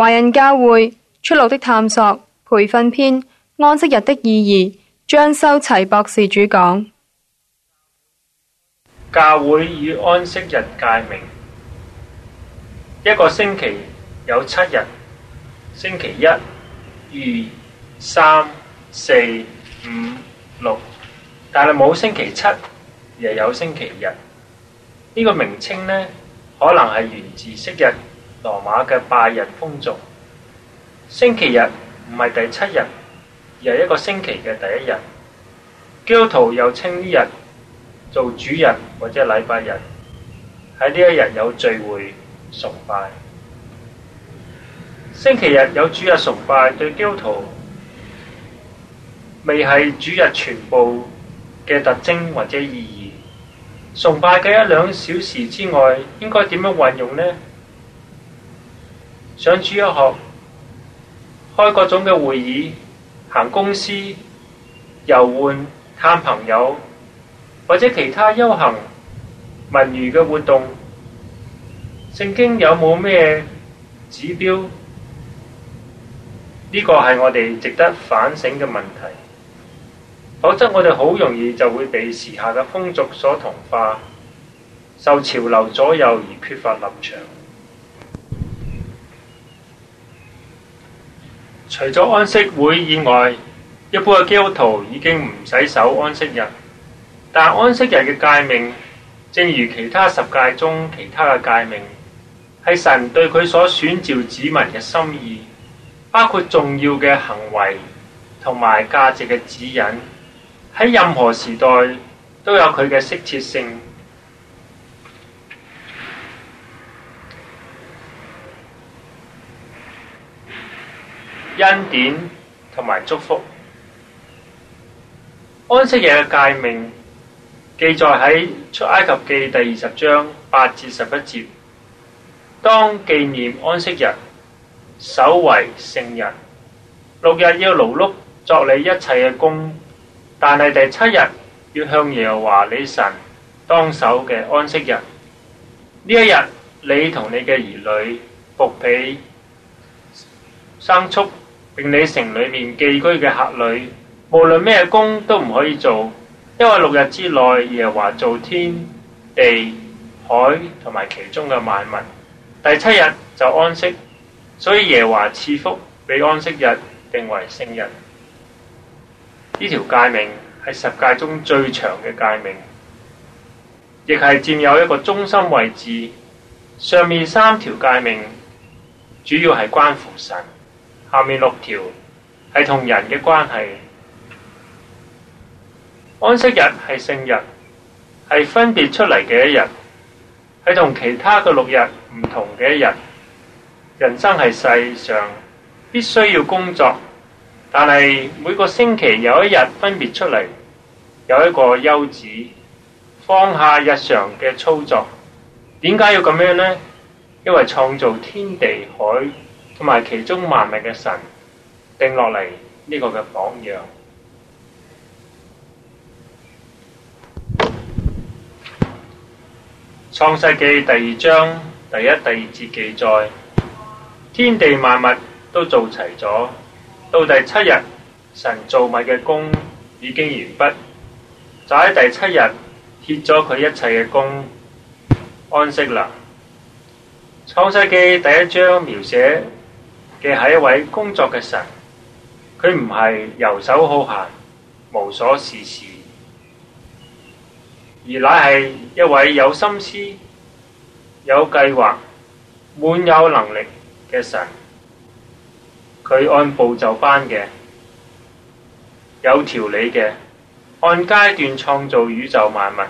華人教會出路的探索培訓篇安息日的意義，張修齊博士主講。教會與安息日界名，一個星期有七日，星期一、二、三、四、五、六，但係冇星期七，亦有星期日。呢、這個名稱呢，可能係源自昔日。羅馬嘅拜日風俗，星期日唔係第七日，而係一個星期嘅第一日。基督徒又稱呢日做主日或者禮拜日，喺呢一日有聚會崇拜。星期日有主日崇拜，對基督徒未係主日全部嘅特徵或者意義。崇拜嘅一兩小時之外，應該點樣運用呢？上主一學開各種嘅會議，行公司遊玩探朋友，或者其他休閒文娛嘅活動，聖經有冇咩指標？呢、呢個係我哋值得反省嘅問題，否則我哋好容易就會被時下嘅風俗所同化，受潮流左右而缺乏立場。除咗安息會以外，一般嘅基督徒已經唔使守安息日，但安息日嘅誡命，正如其他十誡中其他嘅誡命，係神對佢所選召子民嘅心意，包括重要嘅行為同埋價值嘅指引，喺任何時代都有佢嘅適切性。恩典同埋祝福，安息日嘅誡命，記載喺出埃及記第二十章八至十一節。當紀念安息日，守為聖日。六日要勞碌作你一切嘅工，但係第七日要向耶和華你神當守嘅安息日。呢一日你同你嘅兒女僕婢牲畜、城裏城裏面寄居嘅客旅，無論咩工都唔可以做，因為六日之內，耶華做天地海同埋其中嘅萬物。第七日就安息，所以耶華賜福俾安息日定為聖日。呢條誡命係十誡中最長嘅誡命，亦係佔有一個中心位置。上面三條誡命主要係關乎神。下面六條係同人嘅關係，安息日係聖日，係分別出嚟嘅一日，係同其他嘅六日唔同嘅一日。人生係世上必須要工作，但係每個星期有一日分別出嚟，有一個休止，放下日常嘅操作。點解要咁樣呢？因為創造天地海。同埋其中萬物嘅神定落嚟呢個嘅榜樣。創世記第二章第一、第二節記載：天地萬物都做齊咗。到第七日，神造物嘅工已經完畢，就喺第七日歇咗佢一切嘅工。安息啦。創世記第一章描寫嘅係一位工作嘅神，佢唔係游手好閒，無所事事，而乃係一位有心思、有計劃、滿有能力嘅神。佢按步就班嘅，有條理嘅，按階段創造宇宙萬物，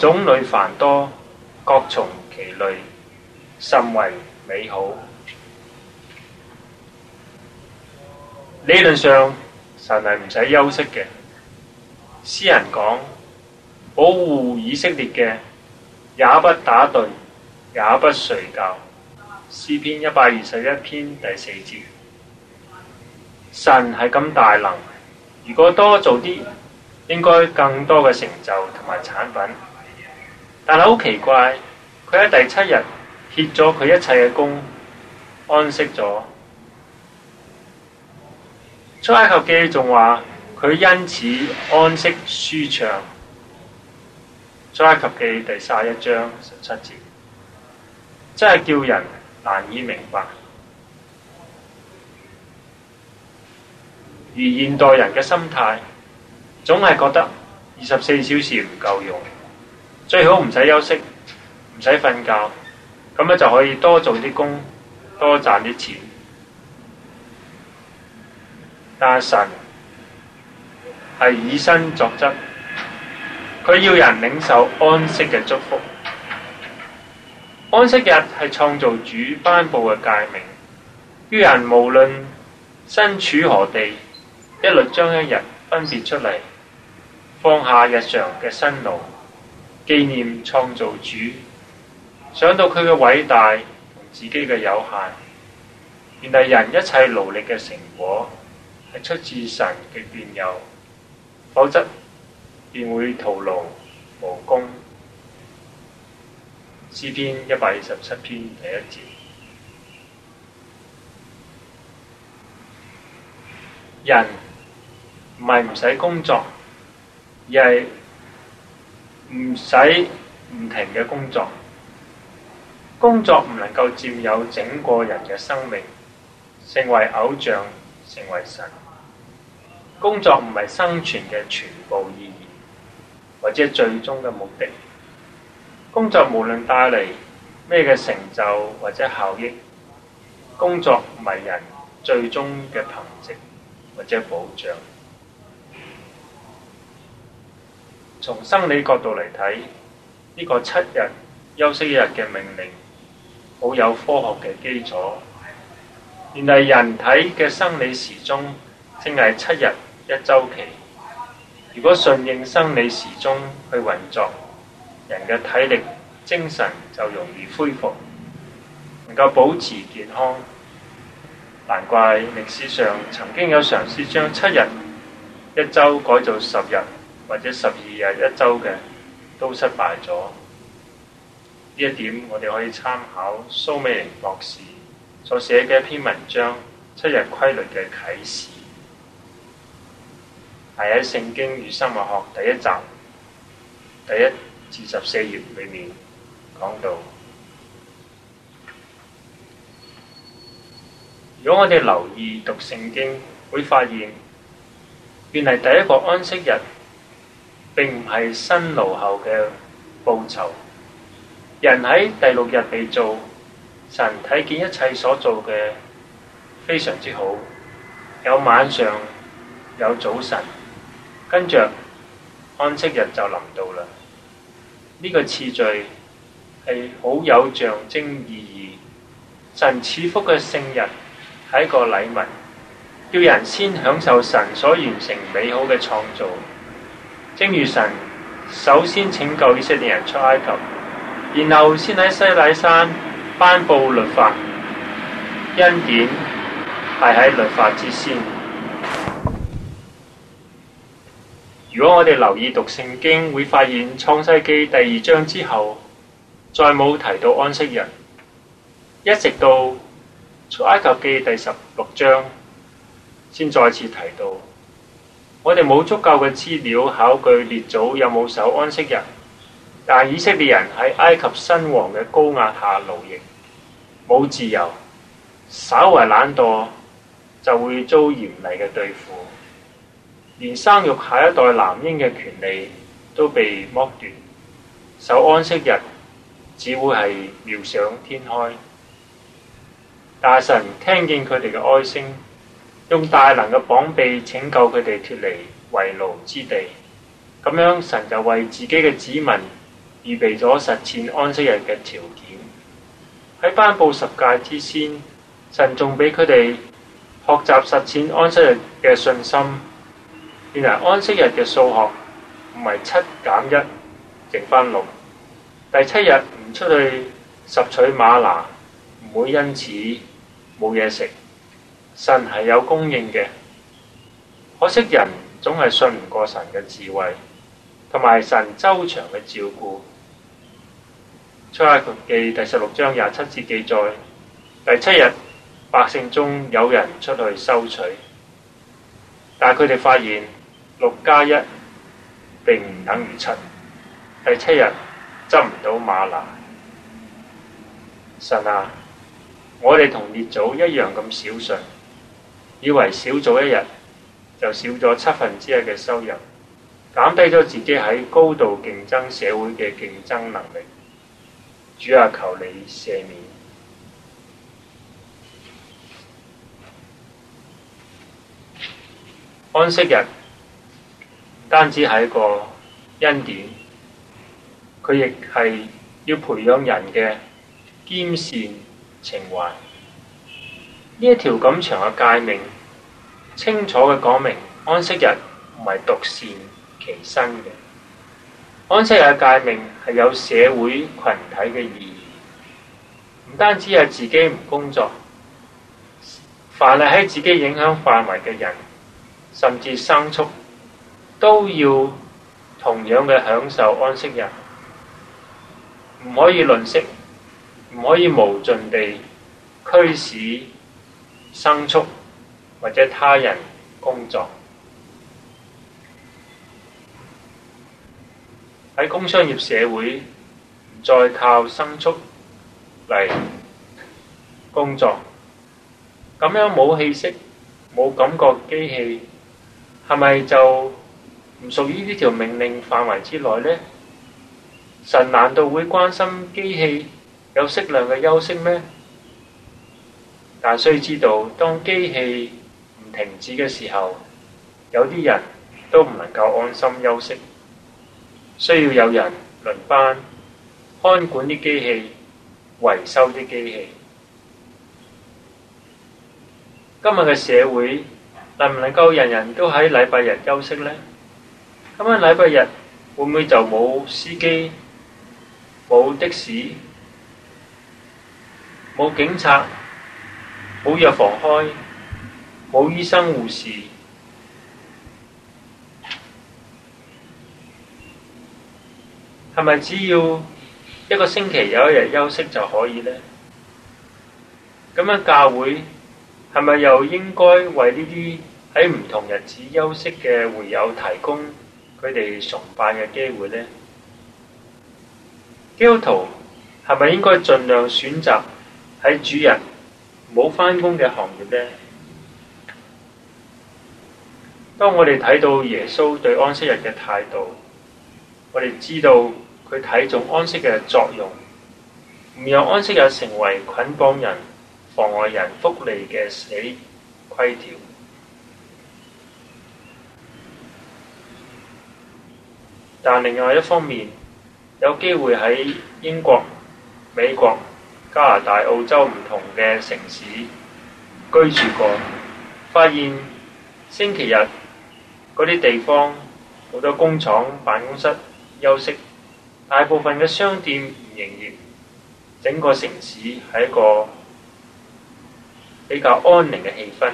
種類繁多，各從其類，甚為美好。理論上，神係唔使休息嘅。詩人講：保護以色列嘅，也不打盹，也不睡覺。詩篇一百二十一篇第四節。神係咁大能，如果多做啲，應該更多嘅成就同埋產品。但係好奇怪，佢喺第七日歇咗佢一切嘅工，安息咗。出埃及記仲話佢因此安息舒暢。出埃及記第三一章十七節，真係叫人難以明白。而現代人嘅心態，總係覺得二十四小時唔夠用，最好唔使休息，唔使瞓覺，咁樣就可以多做啲工，多賺啲錢。但神係以身作則，佢要人領受安息嘅祝福。安息日係創造主頒布嘅誡命，於人無論身處何地，一律將一日分別出嚟，放下日常嘅辛勞，紀念創造主，想到佢嘅偉大同自己嘅有限，原嚟人一切勞力嘅成果。係出自神嘅憐佑，否則便會徒勞無功。詩篇一百二十七篇第一節：人唔係唔使工作，而係唔使唔停嘅工作。工作唔能夠佔有整個人嘅生命，成為偶像。成為神，工作唔係生存嘅全部意義，或者最終嘅目的。工作無論帶嚟咩嘅成就或者效益，工作唔係人最終嘅憑藉或者保障。從生理角度嚟睇，呢個七日休息一日嘅命令，好有科學嘅基礎。原嚟人體嘅生理時鐘正係七日一週期。如果順應生理時鐘去運作，人嘅體力、精神就容易恢復，能夠保持健康。難怪歷史上曾經有嘗試將七日一周改做十日或者十二日一周嘅，都失敗咗。呢一點我哋可以參考蘇美玲博士所寫嘅一篇文章《七日規律嘅啟示》，係喺《聖經與生物學》第一集第一至十四頁裏面講到。如果我哋留意讀聖經，會發現原來第一個安息日並唔係辛勞後嘅報酬，人喺第六日被造。神睇見一切所做嘅非常之好，有晚上有早晨，跟着安息日就臨到啦。呢個次序係好有象徵意義。神賜福嘅聖日係一個禮物，叫人先享受神所完成美好嘅創造。正如神首先拯救以色列人出埃及，然後先喺西乃山。頒布律法，恩典係喺律法之先。如果我哋留意讀聖經，會發現創世記第二章之後，再冇提到安息日，一直到出埃及記第十六章，先再次提到。我哋冇足夠嘅資料考據列祖有冇守安息日，但以色列人喺埃及新王嘅高壓下勞役。冇自由，稍為懶惰就會遭嚴厲嘅對付，連生育下一代男嬰嘅權利都被剝奪。守安息日只會係妙想天開，但神聽見佢哋嘅哀聲，用大能嘅膀臂拯救佢哋脱離為奴之地。咁樣神就為自己嘅子民預備咗實踐安息日嘅條件。喺頒布十誡之先，神仲俾佢哋學習實踐安息日嘅信心。原來安息日嘅數學唔係七減一，剩翻六。第七日唔出去拾取馬拿，唔會因此冇嘢食。神係有供應嘅，可惜人總係信唔過神嘅智慧，同埋神周詳嘅照顧。出埃及記第十六章廿七節記載：第七日百姓中有人出去收取，但佢哋發現六加一並唔等於七。第七日執唔到馬拿，神啊！我哋同列祖一樣咁小信，以為少做一日就少咗七分之一嘅收入，減低咗自己喺高度競爭社會嘅競爭能力。主啊，求你赦免！安息日單止係一個恩典，佢亦係要培養人嘅兼善情懷。呢一條咁長嘅誡命，清楚嘅講明安息日唔係獨善其身嘅。安息日嘅誡命係有社會群體嘅意義，唔單止係自己唔工作，凡係喺自己影響範圍嘅人，甚至牲畜都要同樣嘅享受安息日，唔可以吝嗇，唔可以無盡地驅使牲畜或者他人工作。喺工商業社會，唔再靠牲畜嚟工作，咁樣冇氣息、冇感覺，機器係咪就唔屬於呢條命令範圍之內呢？神難道會關心機器有適量嘅休息咩？但須知道，當機器唔停止嘅時候，有啲人都唔能夠安心休息。需要有人輪班看管啲機器、維修啲機器。今日嘅社會能唔能夠人人都喺禮拜日休息呢？今晚禮拜日會唔會就冇司機、冇的士、冇警察、冇藥房開、冇醫生護士？係咪只要一個星期有一日休息就可以呢？咁樣教會係咪又應該為呢啲喺唔同日子休息嘅會友提供佢哋崇拜嘅機會呢？基督徒係咪應該盡量選擇喺主日冇返工嘅行業呢？當我哋睇到耶穌對安息日嘅態度。我哋知道佢睇重安息嘅作用，唔讓安息日成為捆綁人、妨礙人福利嘅死規條。但另外一方面，有機會喺英國、美國、加拿大、澳洲唔同嘅城市居住過，發現星期日嗰啲地方好多工廠、辦公室。休息，大部分嘅商店唔營業，整個城市係一個比較安寧嘅氣氛，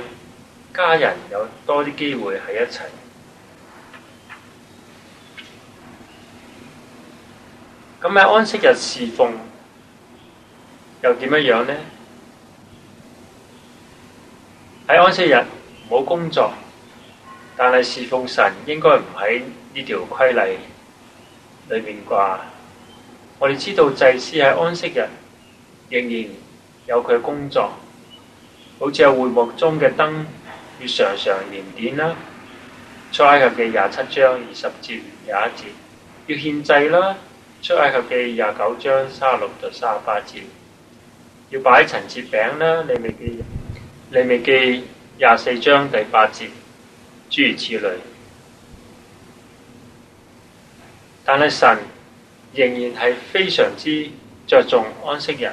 家人有多啲機會喺一齊。咁喺安息日侍奉又點樣樣呢？喺安息日冇工作，但係侍奉神應該唔喺呢條規例。裏面啩，我哋知道祭司喺安息日仍然有佢嘅工作，好似係會幕中嘅燈要常常燃點啦。出埃及記廿七章二十節廿一節，節要獻祭啦。出埃及記廿九章三十六到三十八節要擺陳設餅啦。利未記？利未記廿四章第八節諸如此類。但係神仍然係非常之着重安息日。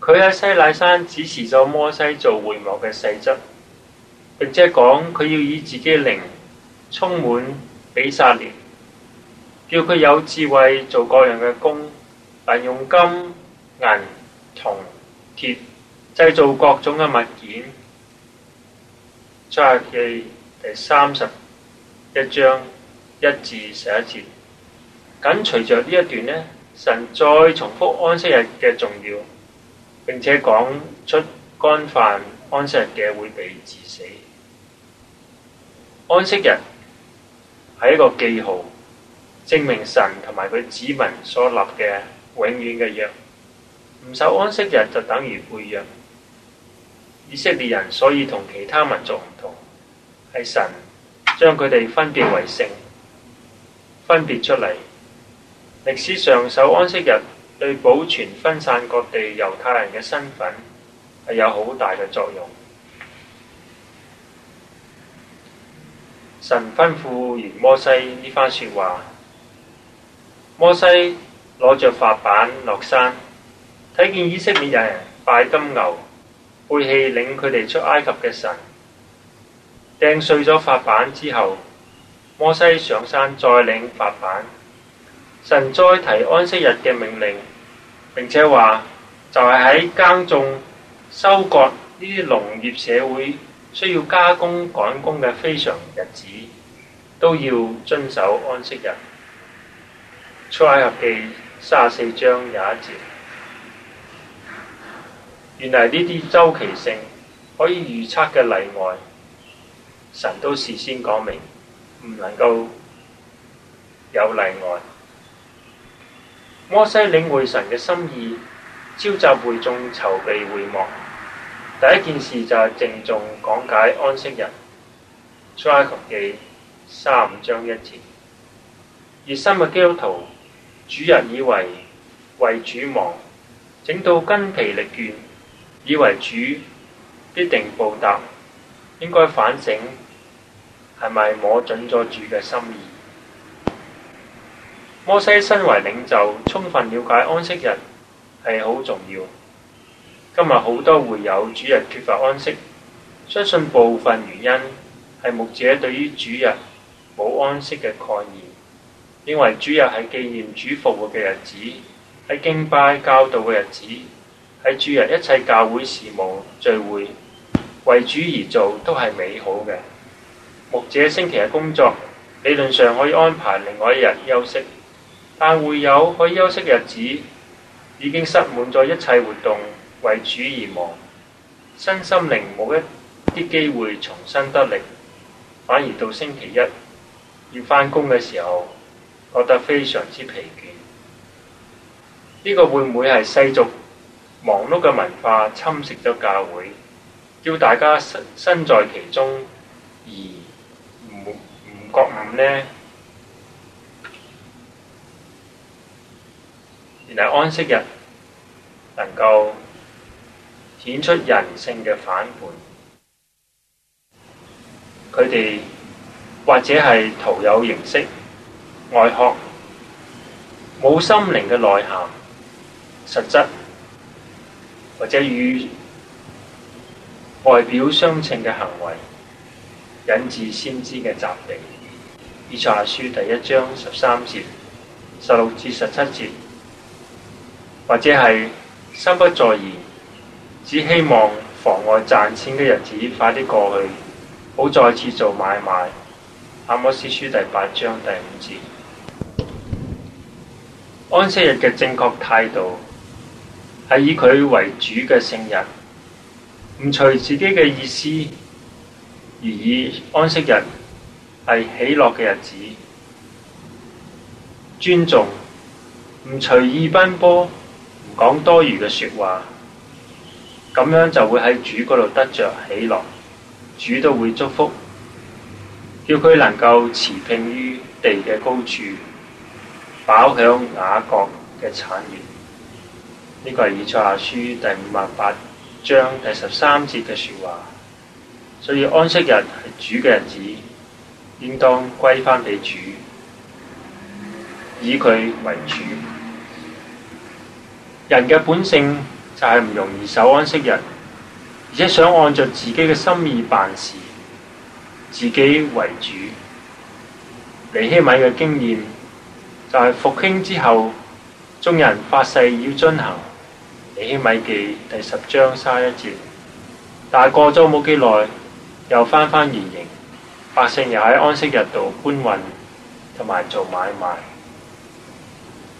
佢喺西乃山指示咗摩西做會幕嘅細則，並且講佢要以自己嘅靈充滿比撒列，叫佢有智慧做各樣嘅工，並用金、銀、銅、鐵製造各種嘅物件。出埃及第三十一章一至十一節。咁隨着呢一段呢，神再重複安息日嘅重要，並且講出干犯安息日嘅會被致死。安息日係一個記號，證明神同埋佢子民所立嘅永遠嘅約。唔守安息日就等於背約。以色列人所以同其他民族唔同，係神將佢哋分別為聖，分別出嚟。歷史上，守安息日，對保存分散各地猶太人嘅身份係有好大嘅作用。神吩咐完摩西呢番説話，摩西攞着法板落山，睇見以色列人拜金牛，背棄領佢哋出埃及嘅神，掟碎咗法板之後，摩西上山再領法板。神再提安息日嘅命令，並且話就係、是、喺耕種、收割呢啲農業社會需要加工趕工嘅非常日子，都要遵守安息日。出埃及記三十四章廿一節，原來呢啲週期性可以預測嘅例外，神都事先講明，唔能夠有例外。摩西領會神嘅心意，召集會眾籌備會幕。第一件事就係鄭重講解安息日。出埃及記三五章一節。熱心嘅基督徒，主人以為為主忙，整到筋疲力倦，以為主必定報答，應該反省，係咪摸準咗主嘅心意？摩西身為領袖，充分了解安息日係好重要。今日好多會友主日缺乏安息，相信部分原因係牧者對於主日冇安息嘅概念，認為主日係紀念主服 v 嘅日子，喺敬拜、教導嘅日子，喺主日一切教會事務聚會為主而做都係美好嘅。牧者星期日工作理論上可以安排另外一日休息。但會有可以休息日子，已經塞滿咗一切活動，為主而忙，身心靈冇一啲機會重新得力，反而到星期一要翻工嘅時候，覺得非常之疲倦。呢、這個會唔會係世俗忙碌嘅文化侵蝕咗教會，叫大家身身在其中而唔唔覺悟呢？係安息日，能夠顯出人性嘅反叛。佢哋或者係徒有形式，外殼，冇心靈嘅內涵，實質，或者與外表相稱嘅行為，引致先知嘅責備。以賽亞書第一章十三節、十六至十七節。或者係心不在焉，只希望妨礙賺錢嘅日子快啲過去，好再次做買賣。阿摩司書第八章第五節，安息日嘅正確態度係以佢為主嘅聖日，唔隨自己嘅意思而以安息日係喜樂嘅日子，尊重唔隨意奔波。講多餘嘅說話，咁樣就會喺主嗰度得着喜樂，主都會祝福，叫佢能夠馳騁於地嘅高處，飽享雅各嘅產業。呢、這個係以賽亞書第五十八章第十三節嘅說話。所以安息日係主嘅日子，應當歸翻俾主，以佢為主。人嘅本性就係唔容易守安息日，而且想按照自己嘅心意辦事，自己為主。尼希米嘅經驗就係復興之後，眾人發誓要遵行《尼希米記》第十章卅一節，但係過咗冇幾耐，又返返原形，百姓又喺安息日度搬運同埋做買賣。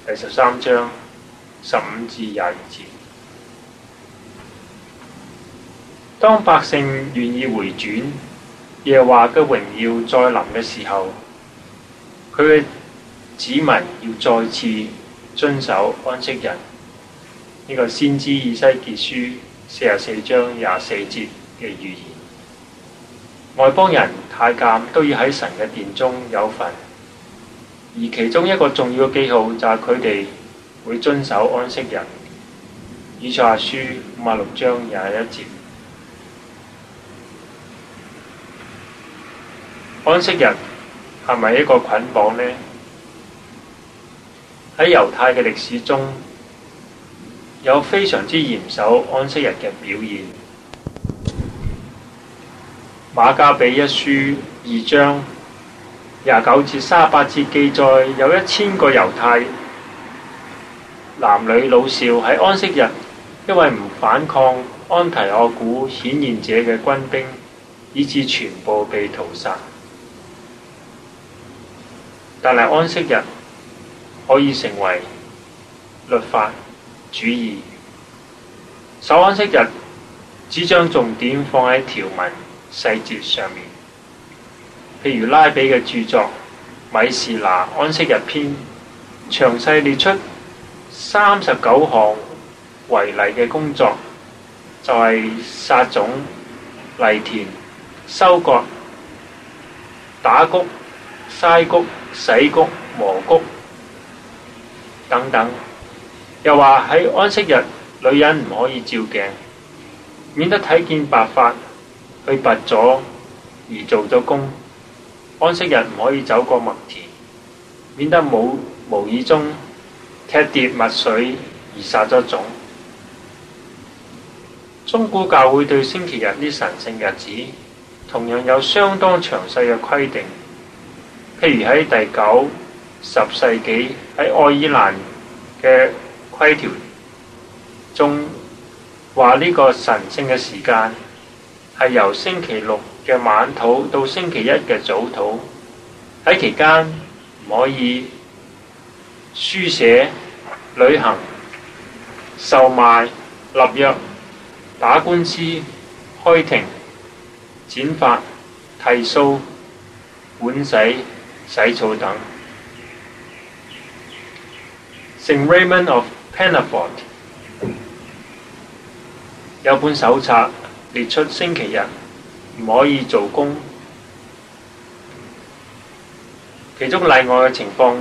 第十三章。十五至廿二節，當百姓願意回轉，耶華嘅榮耀再臨嘅時候，佢嘅子民要再次遵守安息日呢、這個先知以西結書四十四章廿四節嘅預言。外邦人太監都要喺神嘅殿中有份，而其中一個重要嘅記號就係佢哋。會遵守安息日。以賽亞書五十六章廿一節，安息日係咪一個捆綁呢？喺猶太嘅歷史中，有非常之嚴守安息日嘅表現。馬加比一書二章廿九至三十八節記載，有一千個猶太。男女老少喺安息日，因為唔反抗安提阿古顯現者嘅軍兵，以致全部被屠殺。但係安息日可以成為律法主義。守安息日只將重點放喺條文細節上面，譬如拉比嘅著作《米士拿安息日篇》詳細列出。三十九項為例嘅工作，就係、是、撒種、犁田、收割、打穀、曬穀、洗穀、磨穀等等。又話喺安息日，女人唔可以照鏡，免得睇見白髮去拔咗而做咗工。安息日唔可以走過麥田，免得無無意中，踢跌墨水而殺咗種。中古教會對星期日啲神聖日子同樣有相當詳細嘅規定，譬如喺第九、十世紀喺愛爾蘭嘅規條中話，呢個神聖嘅時間係由星期六嘅晚土到星期一嘅早土，喺期間唔可以，書寫、旅行、售賣、立約、打官司、開庭、剪髮、剃鬚、盥洗、洗澡等。《St. Raymond of Penafort》有本手冊列出星期日唔可以做工，其中例外嘅情況。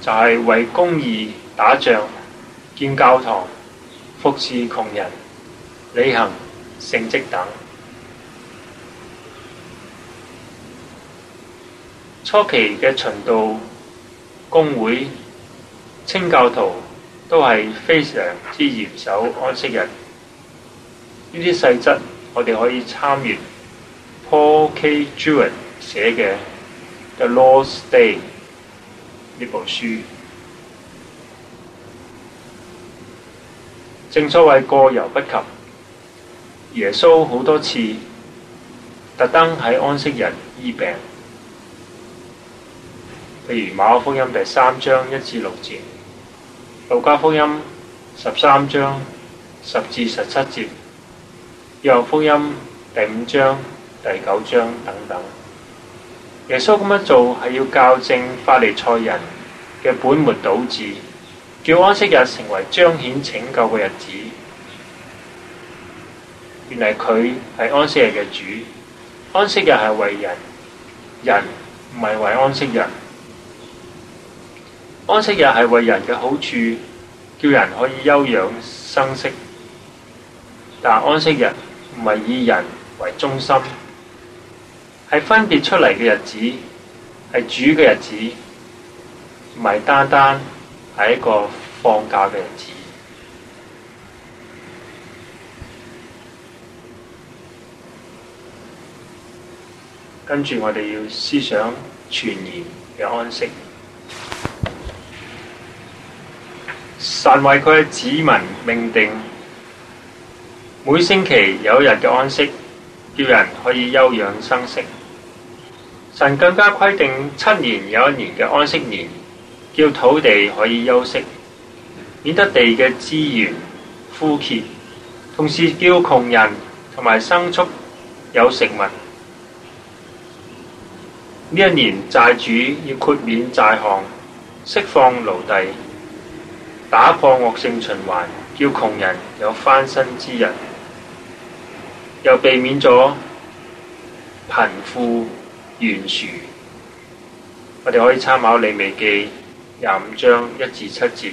就係為公義打仗、建教堂、服侍窮人、旅行、聖職等。初期嘅巡道公會、清教徒都係非常之嚴守安息日。呢啲細則，我哋可以參閱 Paul K. Jewett 寫嘅《The Lord's Day》。呢部書，正所謂過猶不及。耶穌好多次特登喺安息日醫病，譬如馬可福音第三章一至六節，路加福音十三章十至十七節，約翰福音第五章第九章等等。耶穌咁樣做係要校正法利賽人嘅本末倒置，叫安息日成為彰顯拯救嘅日子。原來佢係安息日嘅主，安息日係為人，人唔係為安息日。安息日係為人嘅好處，叫人可以休養生息。但安息日唔係以人為中心。係分別出嚟嘅日子，係主嘅日子，唔係單單係一個放假嘅日子。跟住我哋要思想傳言嘅安息。神為佢嘅子民命定，每星期有一日嘅安息，叫人可以休養生息。神更加規定七年有一年嘅安息年，叫土地可以休息，免得地嘅資源枯竭，同時叫窮人同埋牲畜有食物。呢一年債主要豁免債項，釋放奴隸，打破惡性循環，叫窮人有翻身之日，又避免咗貧富。原殊，我哋可以參考李微《利未記》廿五章一至七節、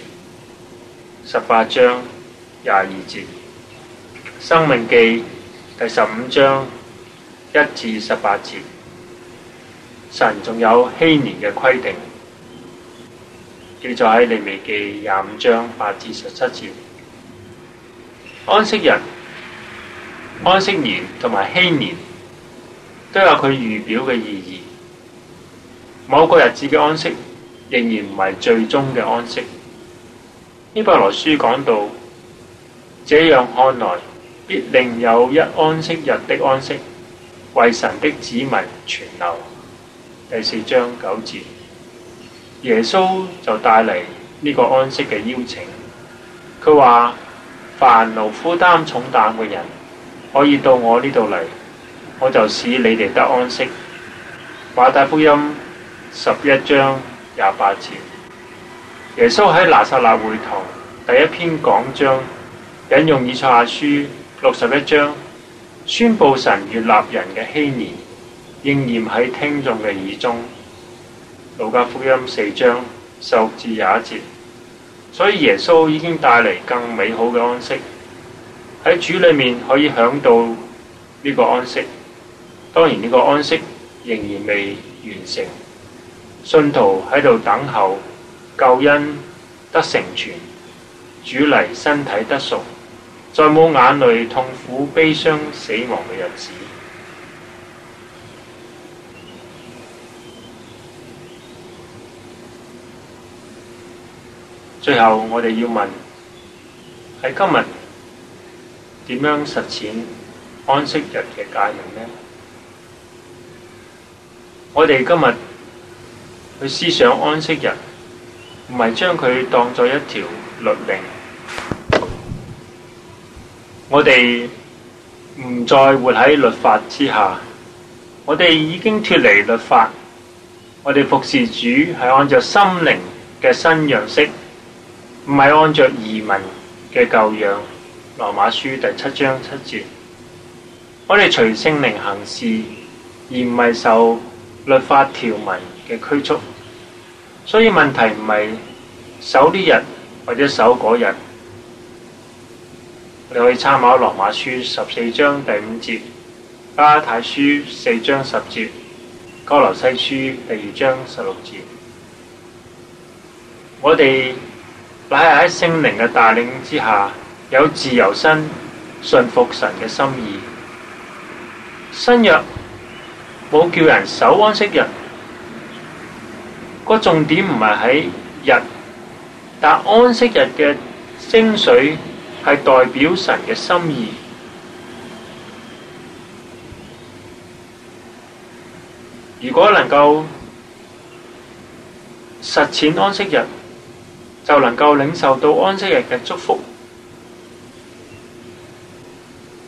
十八章廿二節，《生命記》第十五章一至十八節，神仲有禧年嘅規定，記載喺《利未記》廿五章八至十七節，安息日、安息年同埋禧年。都有佢預表嘅意義。某個日子嘅安息，仍然唔係最終嘅安息。呢本來書講到，這樣看來，必另有一安息日的安息，為神的子民存留。第四章九節，耶穌就帶嚟呢個安息嘅邀請。佢話：凡勞苦擔重擔嘅人，可以到我呢度嚟。我就使你哋得安息。馬太福音十一章廿八節。耶穌喺拿撒勒會堂第一篇講章引用以賽亞、啊、書六十一章，宣布神悅納人嘅禧年，應驗喺聽眾嘅耳中。路加福音四章十六至廿一節。所以耶穌已經帶嚟更美好嘅安息，喺主裏面可以享到呢個安息。當然呢個安息仍然未完成，信徒喺度等候救恩得成全，主嚟身體得熟，再冇眼淚、痛苦、悲傷、死亡嘅日子。最後我哋要問：喺今日點樣實踐安息日嘅教義呢？我哋今日去思想安息日，唔係將佢當作一條律令。我哋唔再活喺律法之下，我哋已經脫離律法。我哋服侍主係按照心靈嘅新樣式，唔係按照儀文嘅舊樣。羅馬書第七章七節，我哋隨聖靈行事，而唔係受律法條文嘅拘束，所以問題唔係守呢日或者守嗰日，你可以參考羅馬書十四章第五節、加拉太書四章十節、歌羅西書第二章十六節。我哋乃係喺聖靈嘅帶領之下，有自由身順服神嘅心意，新約。冇叫人守安息日，個重點唔係喺日，但安息日嘅精髓係代表神嘅心意。如果能夠實踐安息日，就能夠領受到安息日嘅祝福。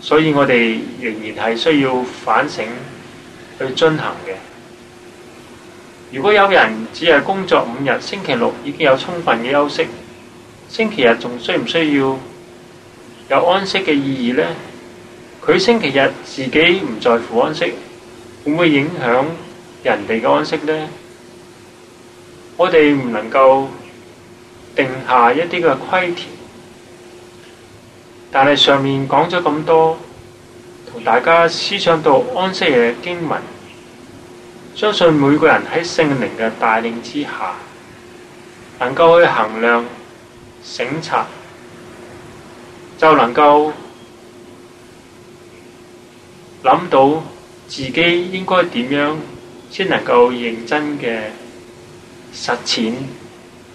所以我哋仍然係需要反省。去進行嘅。如果有人只係工作五日，星期六已經有充分嘅休息，星期日仲需唔需要有安息嘅意義呢？佢星期日自己唔在乎安息，會唔會影響人哋嘅安息呢？我哋唔能夠定下一啲嘅規條，但係上面講咗咁多。大家思想到安息日嘅經文，相信每個人喺聖靈嘅帶領之下，能夠去衡量、省察，就能夠諗到自己應該點樣，先能夠認真嘅實踐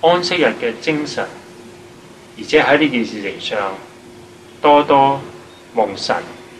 安息日嘅精神，而且喺呢件事情上多多蒙神。